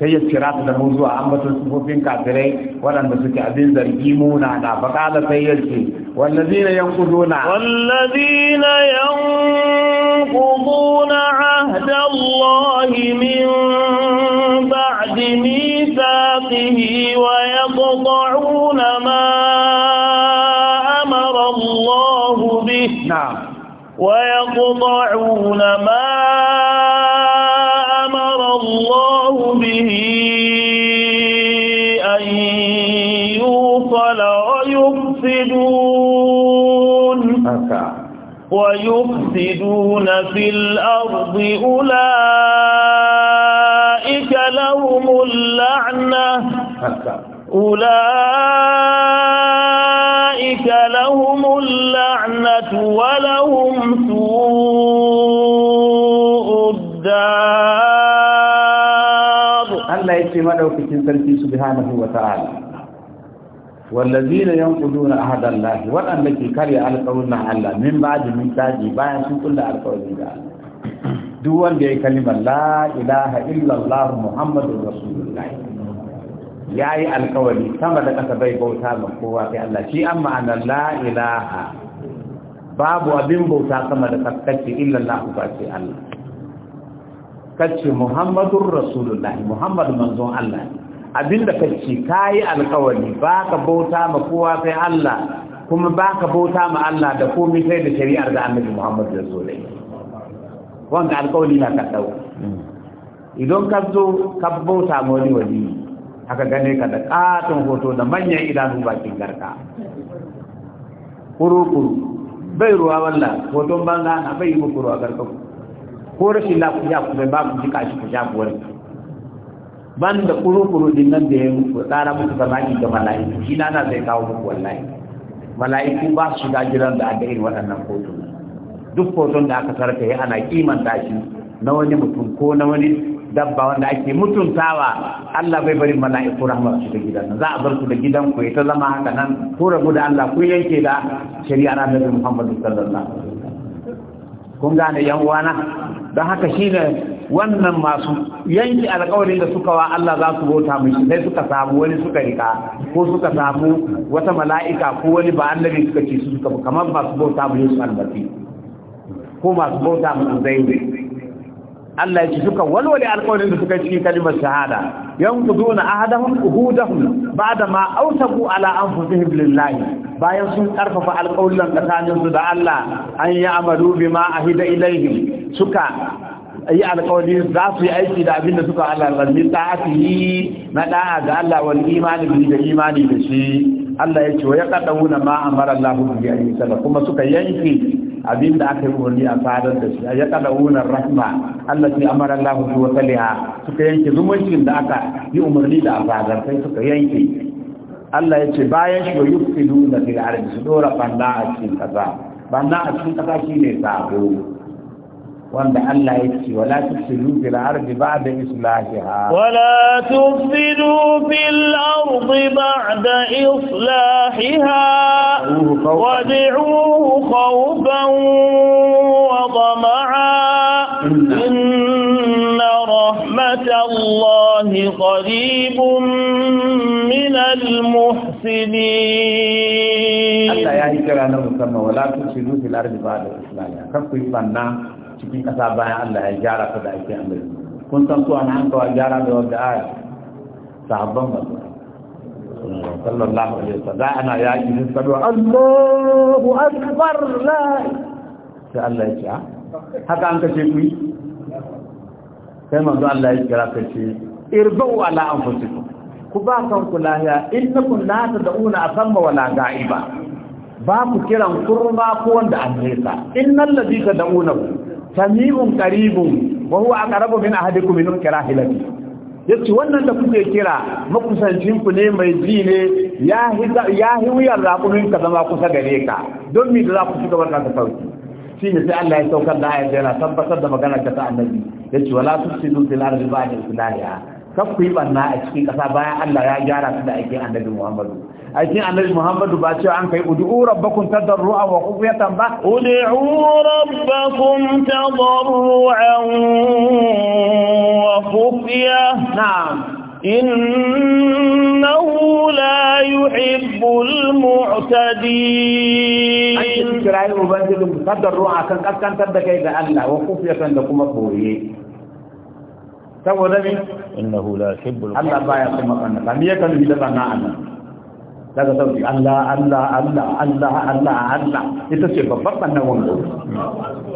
sai ya kira su da mu zuwa ambaton sufofin kafirai waɗanda suke abin zargi muna na faƙala sai ya ce wallazina yanquduna wallazina yanquduna ahda Allah min ba'di mithaqihi wa yaqta'una ma amara Allah bihi na'am ويقطعون ما به أن يوصل ويفسدون ويفسدون في الأرض أولئك لهم اللعنة أولئك لهم اللعنة ولهم سوء الدار ce madaukakin sarki subhanahu wa ta'ala wallazina yanquduna ahada Allah wadanda ke karya alƙawarin Allah min ba'di min taji bayan sun kulla alƙawarin da duk wanda ya kalimar la ilaha Allah muhammadur rasulullah yayi alƙawari sama da kasa bai bauta ga kowa sai Allah shi amma an la ilaha babu abin bauta sama da kasa Allah ba sai Allah kace muhammadur rasulullahi muhammad manzon Allah abinda kace kai alkawari baka bauta ma kowa sai Allah kuma baka bauta ma Allah da komai sai da shari'ar da annabi muhammad ya zo dai wanda alkawari na ka dau idan ka zo ka bauta ma wani wali aka gane ka da katon hoto da manyan idanu bakin garka kuru kuru bai ruwa wallah hoton banza na bai yi kuru a garkanku ko rashin lafiya kuma ba mu jika shi ku ban da kuru-kuru din nan da ya muku tsara musu zamani da mala'iku shi na na zai kawo muku wallahi mala'iku ba su shiga gidan da aka irin waɗannan hoto duk hoton da aka sarka ya ana kimanta shi na wani mutum ko na wani dabba wanda ake mutuntawa Allah bai bari mala'iku rahmar su da gidan za a bar su da gidan ku ita zama haka nan ko rabu da Allah ku yanke da shari'a na Muhammadu sallallahu alaihi wasallam kun gane yan uwana don haka shi ne wannan masu yanki alƙawarin da suka wa Allah za su bauta mishi sai suka samu wani suka rika ko suka samu wata mala'ika ko wani ba annabi suka ce su suka kamar masu bauta mu su almasi ko masu bauta mu Uzairu Allah ya ce suka walwale alƙawarin da suka yi kalimar shahada yanquduna ahadahum uhudahum ba'da ma awsaqu ala anfusihim lillahi bayan sun karfafa alƙawarin tsakanin su da Allah an yi amalu bima ahida ilaihim suka yi alƙawari za su yi aiki da abin da suka Allah zanni ta'ati na da'a ga Allah wal imani bi da imani da shi Allah ya ce wa yaqaduna ma amara Allahu bi ayyisa kuma suka yanke abin da aka yi umarni a sadar da shi ya kada wunar rahma Allah sai amara Allah su wa saliha suka yanke zumuncin da aka yi umarni da a fadar sai suka yanke Allah ya ce bayan shi wa yufsiduna fil ardi su dora banda a cikin kasa banda a cikin kasa shine sabo wanda Allah ya ce wala tufsidu fil ardi ba'da islahiha wala tufsidu fil ardi ba'da islahiha wad'uhu khawfan wa tama'a inna rahmatallahi qaribun minal muhsinin Allah ya yi kira na musamman wala tufsidu fil ardi ba'da islahiha kafu banna cikin ƙasa bayan Allah ya gyara ta da ake amir kun san su an hankawa gyara da wadda aya sahabban ba sallallahu alaihi wasallam ana sadu Allahu akbar la sai Allah ya ce ah, haka an kace ku sai manzo Allah ya kira ka ce ala anfusikum ku ba lahiya innakum la tad'una asamma wala ga'iba ba ku kiran kurma ko wanda an nesa innal sami'un qaribun wa huwa aqrabu min ahadikum min rahilati yace wannan da kuke kira makusancin ku ne mai ji ne ya ya wuyar raƙumin ka zama kusa gare ka don mi da za ku shiga wannan ta sauki shine sai Allah ya saukar da yanzu yana tabbatar da maganar ta annabi yace wala tusidu fil ardi ba'da islahiha kaf ku yi banna a cikin ƙasa bayan Allah ya gyara su da aikin annabi Muhammadu aikin annabi Muhammadu ba cewa an kai ud'u rabbakum tadarruan wa khufyatan ba ud'u rabbakum tadarruan wa khufya na'am innahu la yuhibbul mu'tadin aikin kirai ubangiji tadarruan kan kaskantar da kai ga Allah wa khufyatan da kuma boye saboda me innahu la yuhibbul Allah baya kuma kanna kan yake da bana anan daga sauki Allah Allah Allah Allah Allah Allah ita ce babbar bannan wanda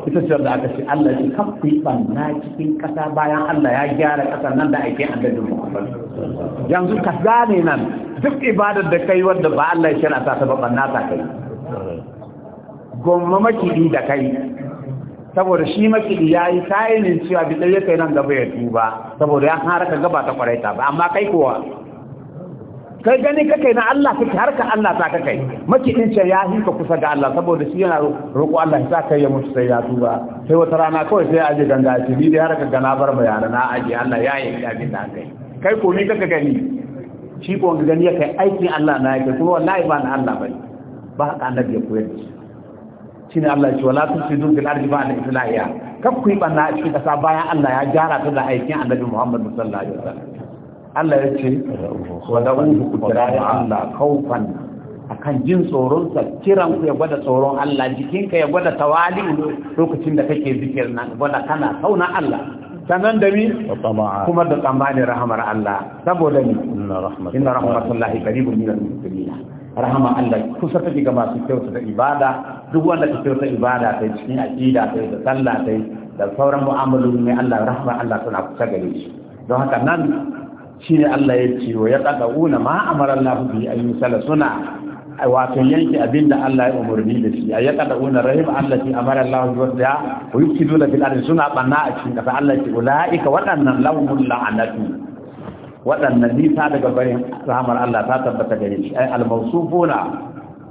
ita ce wanda aka ce Allah ce. kan kuyi banna cikin kasa bayan Allah ya gyara kasar nan da ake annabi Muhammad yanzu ka gane nan duk ibadar da kai wanda ba Allah ya shirya ta ba banna ta kai gomma makidi da kai saboda shi makidi ya yi tayinin cewa bi tsaye kai nan gaba ya tuba saboda ya haraka gaba ta ta ba amma kai kowa kai gani kake na Allah kake ka Allah ta kake makidin ce ya ka kusa ga Allah saboda shi yana roƙo Allah ya sa kai ya mutu sai ya tuba sai wata rana kawai sai aje ganga ce ni dai ka gana bar bayana na aje Allah ya yi abin da kai kai ko ni kake gani shi ko gani ya kai aikin Allah na yake kuma wallahi ba na Allah bane ba haka annabi ya koyar da shi shine Allah ya ce wala tusidu bil ardi ba'da islahiya kaf ku yi banna a cikin kasa bayan Allah ya gyara ta da aikin annabi Muhammad sallallahu alaihi wasallam Allah ya ce wada'uhu ku tare Allah kaufan kan jin tsoron sa kiran ku ya gwada tsoron Allah jikinka ya gwada tawali lokacin da kake zikir nan gwada kana sauna Allah sannan da mi kuma da tsammanin rahamar Allah saboda ni inna rahmatullahi qaribun minal muslimin rahama Allah kusa take ga masu kyauta da ibada duk wanda ke kyauta ibada ta cikin aqida ta da sallah ta da sauran mu'amalolin ne Allah rahama Allah suna kusa gare shi don haka nan ne Allah ya ce wa yaqaduna ma amara Allah bi an yusala suna wato yanke abinda Allah ya umarni da shi ya yaqaduna rahim Allah ki amara Allah bi wada wa yufsiduna da ardi suna banna a cikin kasa Allah ki ulaika waɗannan lahumul la'anatu waɗannan nisa daga barin rahamar Allah ta tabbata gare shi ai al-mawsufuna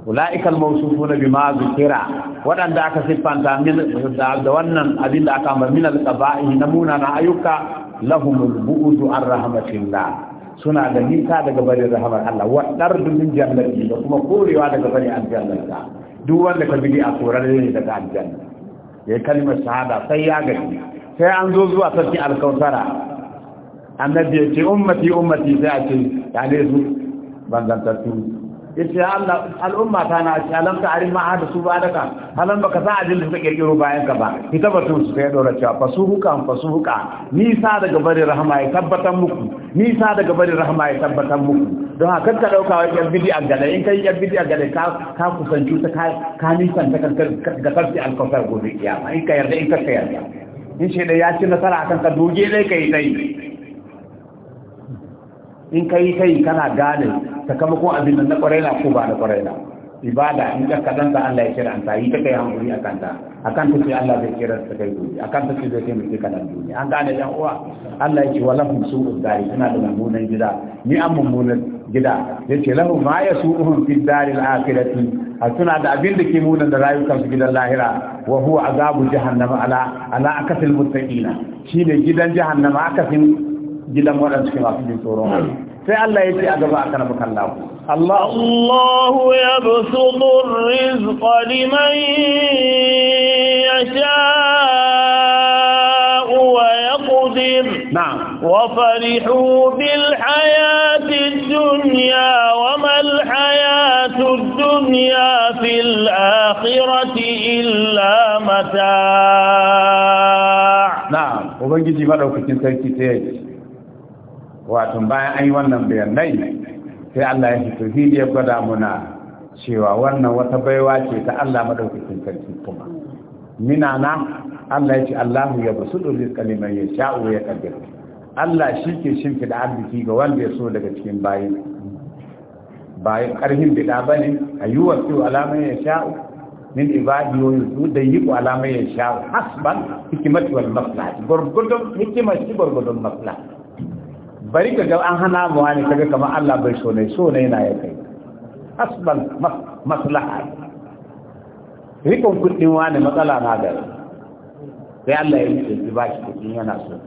ulaika al-mawsufuna bima zukira waɗanda aka siffanta min da wannan abin da aka amar min al-qaba'i namuna na ayyuka lahumul bu'du an rahmatillah suna da nisa daga barin rahmar Allah wa dardu min jannati da kuma korewa daga bari aljanna duk wanda ka bidi a korarre ne daga aljanna ya kalmar shahada sai ya gaji sai an zo zuwa sarki alkausara annabi ya ce ummati ummati sai a ce ya ne su banzantattu yace Allah al'umma ta na ce alam ta arima hada su ba daka halan baka za a jinda suka kirkiro bayan ka ba ki tabbatun su kai dora cewa fasuhuka fasuhuka nisa daga bari rahama ya tabbatar muku nisa daga bari rahama ya tabbatar muku don haka ka dauka wa yan bid'a gada in kai yan bid'a gada ka ka kusanci ta ka ka nisan ta kan ga sarfi alkafar gobe kiyama in ka yarda in ka yarda in shi da ya ci nasara akan ka doge dai kai dai in kai kai kana gane sakamakon abin da na kwarai na ko ba na kwarai na ibada in ka kadan da Allah ya kira an ta yi ta kai hankuri akan ta akan ta sai Allah zai kira ta kai gobe akan ta sai zai kai mutum kanan duniya an gane dan uwa Allah ya wala hum su'ud dari suna da mummunan gida ni an mummunan gida ya ce lahu ma yasu'uhum fid daril akhirati a suna da abin da ke munan da rayukan su gidan lahira wa huwa azabu jahannama ala ala akasil muttaqina shine gidan jahannama akasin gidan wadanda suke masu jin tsoron Allah الله يجي الله الله يبسط الرزق لمن يشاء ويقدر نعم وفرحوا بالحياة الدنيا وما الحياة الدنيا في الآخرة إلا متاع نعم وبنجي ما لو كنت تيجي wato bayan an yi wannan bayanai sai Allah ya fito fili ya gwada muna cewa wannan wata baiwa ce ta Allah madaukakin sarki kuma mina na Allah ya ce Allahu ya basudu rizqa ya yasha'u wa yaqdir Allah shi ke shimfida arziki ga wanda ya so daga cikin bayi bayan karhin bida bane ayyuwa su ya yasha'u min ibadi wa yusu da yi alamai ya sha hasban hikimati wal maslaha gurgudun hikimar shi gurgudun maslaha bari ka ga an hana mu wani kaga kamar Allah bai so ne so ne yana ya kai asban maslaha rikon kudin wani matsala na gari sai Allah ya yi ba shi kudin yana so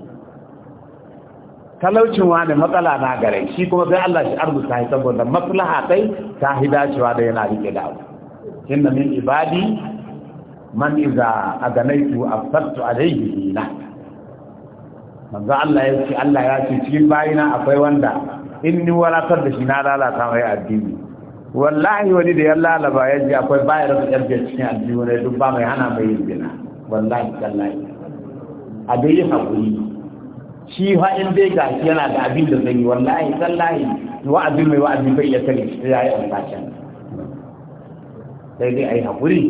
talaucin wani matsala na gare shi kuma sai Allah shi arzuta shi saboda maslaha kai ta hidacewa da yana rike da abu inna min ibadi man iza aganaitu afattu alayhi dinaka manzo Allah ya ce Allah ya ce cikin bayina akwai wanda in ni walatar da shi na lalata mai addini wallahi wani da ya lalaba ya ji akwai bayar da yarje cikin addini wani duk ba mai hana mai yin bina wallahi tallahi a dai yi hakuri shi fa in dai ga shi yana da abin da zai yi wallahi tallahi Wa'azin mai wa'azin bai ya kare shi ya yi alfashin sai dai a yi hakuri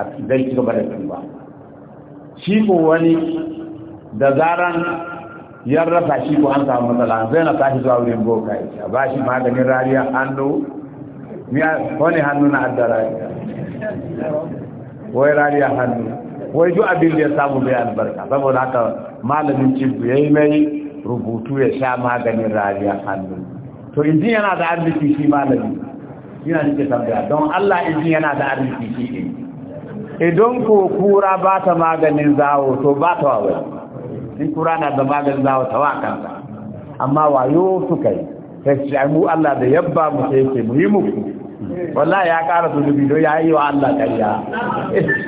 a zai ci gaba da tuba shi ko wani da zaran ya rasa shi ko an samu matsala zai na tashi zuwa wurin boka a ba shi maganin rariya hannu wani hannu na adda rariya wai rariya hannu wai ju abin da ya samu mai albarka saboda haka malamin cibu ya yi mai rubutu ya sha maganin rariya hannu to izin yana da arziki shi malami yana nike tambaya don Allah izin yana da arziki shi ne idan ko kura ba ta maganin zawo to ba ta wawai in kura na da maganin zawo tawakan amma wayo suka yi sai mu Allah da yabba mu sai yake mu wallahi ya kara su don ya yi wa Allah ƙarya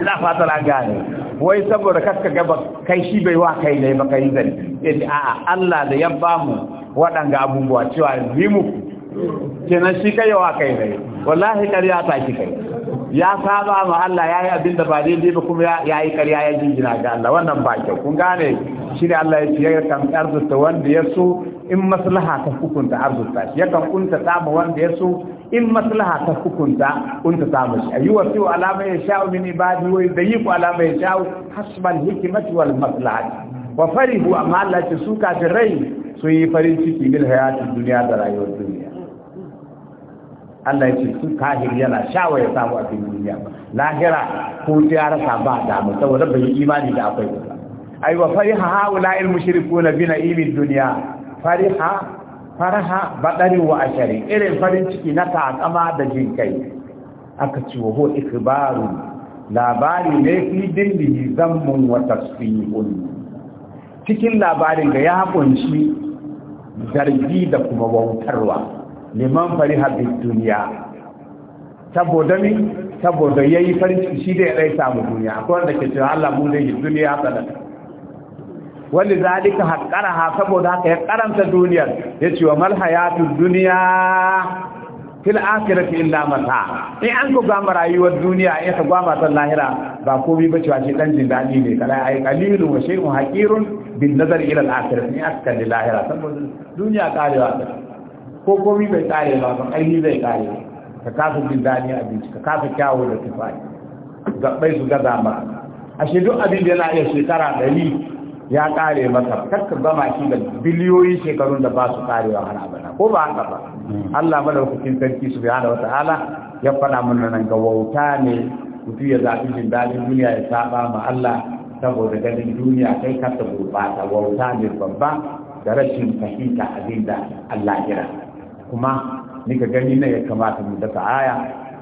ina fatar an gane wai saboda kaska gaba kai shi bai wa kai ne maka yi zan yace a Allah da ya mu waɗanga abubuwa cewa yi muku kenan shi kai wa kai ne wallahi kariya ta ki kai ya saba ma Allah ya yi abin da ba daidai ba kuma ya yi ƙarya ya jingina ga Allah wannan ba kyau kun gane shi ne Allah ya ce ya kan arzuta wanda ya so in maslaha ta hukunta arzuta shi ya kan kunta samu wanda ya so in maslaha ta hukunta kunta samu shi ayi wa fi alama ya sha'u min ibadi wa ku alama ya sha'u hasbal hikmati wal maslaha wa farihu amma Allah ya ce su kafirai su yi farin ciki bil hayatin duniya da rayuwar duniya Allah ya ce su kahir yana shawa ya samu a cikin duniya lahira ko ya rasa ba damu saboda bai yi imani da akwai ba ai wa fariha haula al mushrikuna bi na'imid dunya fariha faraha badari wa ashari irin farin ciki na takama da jinkai aka ci wa ho ikbaru labari ne fi dindi zammun wa tasfihun cikin labarin ga ya kunshi zargi da kuma wautarwa liman fari bid duniya saboda ni saboda yayi farin ciki shi da ya dai samu duniya ko wanda ke cewa Allah mu zai yi duniya sadaka wanda zalika ha saboda haka ya karanta duniyar ce wa mal hayatud dunya fil akhirati illa mata in an ku gama rayuwar duniya in ka gama ta lahira ba komai ba cewa shi dan jin dadi ne kala ai qalilu wa shay'un haqirun bin nazar ila al akhirati in aska lahira saboda duniya karewa ta ko komi bai kare ba ba aini zai kare ka kasa jin daɗin abinci ka kasa kyawo da tufafi gabbai su gaza ma ashe duk abin da yana iya shekara ɗari ya kare masa kakka gama shi da biliyoyin shekarun da ba su karewa har abada ko ba haka ba mm. Allah madaukakin sarki su wata wataala ya faɗa mana nan ga wauta ne mutum ya zaɓi jin duniya ya saba ma Allah saboda ganin duniya kai ka ta gurɓata wauta ne babba da rashin fahimta abin da Allah kira. kuma ni ka gani na ya kamata mu dasa aya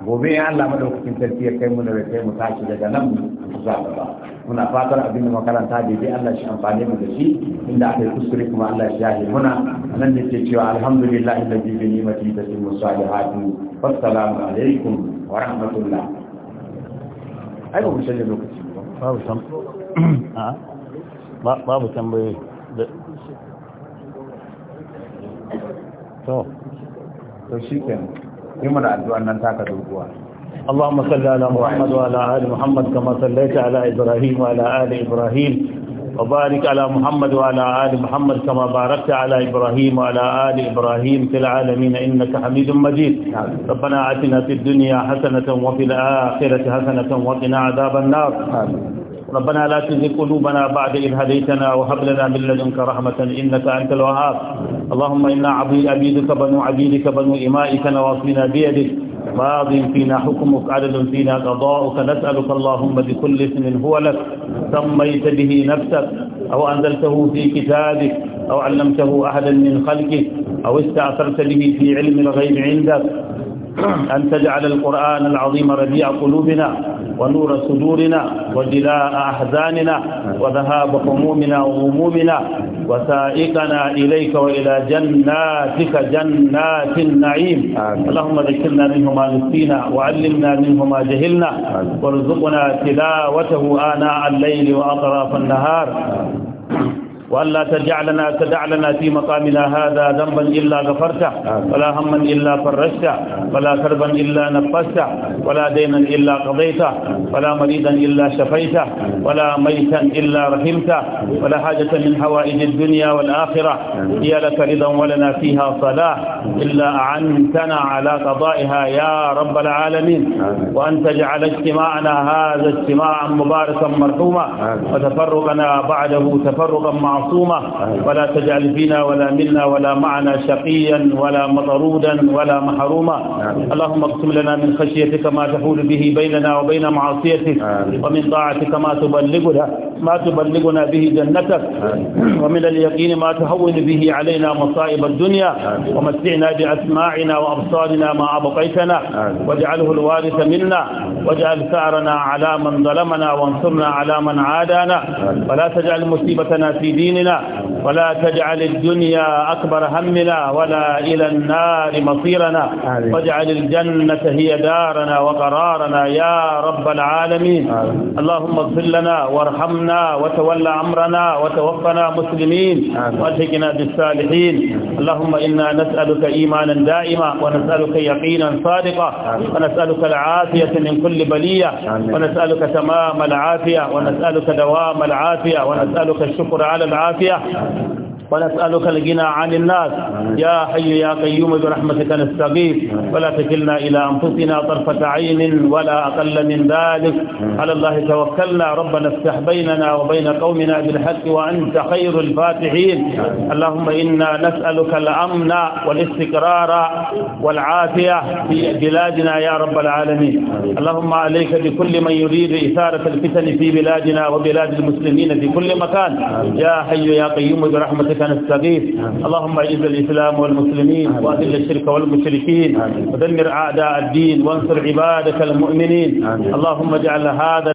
gobe ya Allah madaukakin sarki ya kai mu da kai mu tashi daga nan mu za mu ba muna fatar abin da makaranta bi Allah shi amfani mu da shi inda aka yi kuskure kuma Allah shi yahe muna nan da ke cewa alhamdulillah da bi nimati da sun Wa wassalamu alaikum wa rahmatullah ai ba mu shanye lokaci babu san babu tambaye to to shi kenan yi mana addu'an nan taka doguwa اللهم صل على محمد وعلى آل محمد كما صليت على إبراهيم وعلى آل إبراهيم وبارك على محمد وعلى آل محمد كما باركت على إبراهيم وعلى آل إبراهيم في العالمين إنك حميد مجيد ربنا آتنا في الدنيا حسنة وفي الآخرة حسنة وقنا عذاب النار ربنا لا تزغ قلوبنا بعد إذ هديتنا وهب لنا من لدنك رحمة إنك أنت الوهاب اللهم إنا عبيد عبيدك بنو عبيدك بنو إمائك نواصينا بيدك ماض فينا حكمك عدل فينا قضاؤك نسألك اللهم بكل اسم هو لك سميت به نفسك أو أنزلته في كتابك أو علمته أحدا من خلقك أو استأثرت به في علم الغيب عندك أن تجعل القرآن العظيم ربيع قلوبنا ونور صدورنا وجلاء أحزاننا وذهاب همومنا وغمومنا وسائقنا إليك وإلى جناتك جنات النعيم اللهم ذكرنا منه ما نسينا وعلمنا منه ما جهلنا وارزقنا تلاوته آناء الليل وأطراف النهار وألا تجعلنا تدع لنا في مقامنا هذا ذنبا إلا غفرته ولا هما إلا فرجته ولا كربا إلا نفسته ولا دينا إلا قضيته ولا مريضا إلا شفيته ولا ميتا إلا رحمته ولا حاجة من حوائج الدنيا والآخرة هي لك رضا ولنا فيها صلاة إلا أعنتنا على قضائها يا رب العالمين وأن تجعل اجتماعنا هذا اجتماعا مباركا مرحوما وتفرقنا بعده تفرقا معروفا معصومة ولا تجعل فينا ولا منا ولا معنا شقيا ولا مطرودا ولا محروما اللهم اقسم لنا من خشيتك ما تحول به بيننا وبين معصيتك ومن طاعتك ما تبلغنا ما تبلغنا به جنتك ومن اليقين ما تهون به علينا مصائب الدنيا ومتعنا بأسماعنا وأبصارنا ما أبقيتنا واجعله الوارث منا واجعل ثارنا على من ظلمنا وانصرنا على من عادانا ولا تجعل مصيبتنا في ديننا ديننا ولا تجعل الدنيا أكبر همنا ولا إلى النار مصيرنا واجعل الجنة هي دارنا وقرارنا يا رب العالمين اللهم اغفر لنا وارحمنا وتول أمرنا وتوفنا مسلمين واتقنا بالصالحين اللهم إنا نسألك إيمانا دائما ونسألك يقينا صادقا ونسألك العافية من كل بلية ونسألك تمام العافية ونسألك دوام العافية ونسألك الشكر على العافية lafiya ونسألك الغنى عن الناس يا حي يا قيوم برحمتك نستغيث ولا تكلنا إلى أنفسنا طرفة عين ولا أقل من ذلك على الله توكلنا ربنا افتح بيننا وبين قومنا بالحق وأنت خير الفاتحين اللهم إنا نسألك الأمن والاستقرار والعافية في بلادنا يا رب العالمين اللهم عليك بكل من يريد إثارة الفتن في بلادنا وبلاد المسلمين في كل مكان يا حي يا قيوم برحمتك بك نستغيث اللهم اعز الإسلام والمسلمين وأذل الشرك والمشركين ودمر أعداء الدين وانصر عبادك المؤمنين اللهم اجعل هذا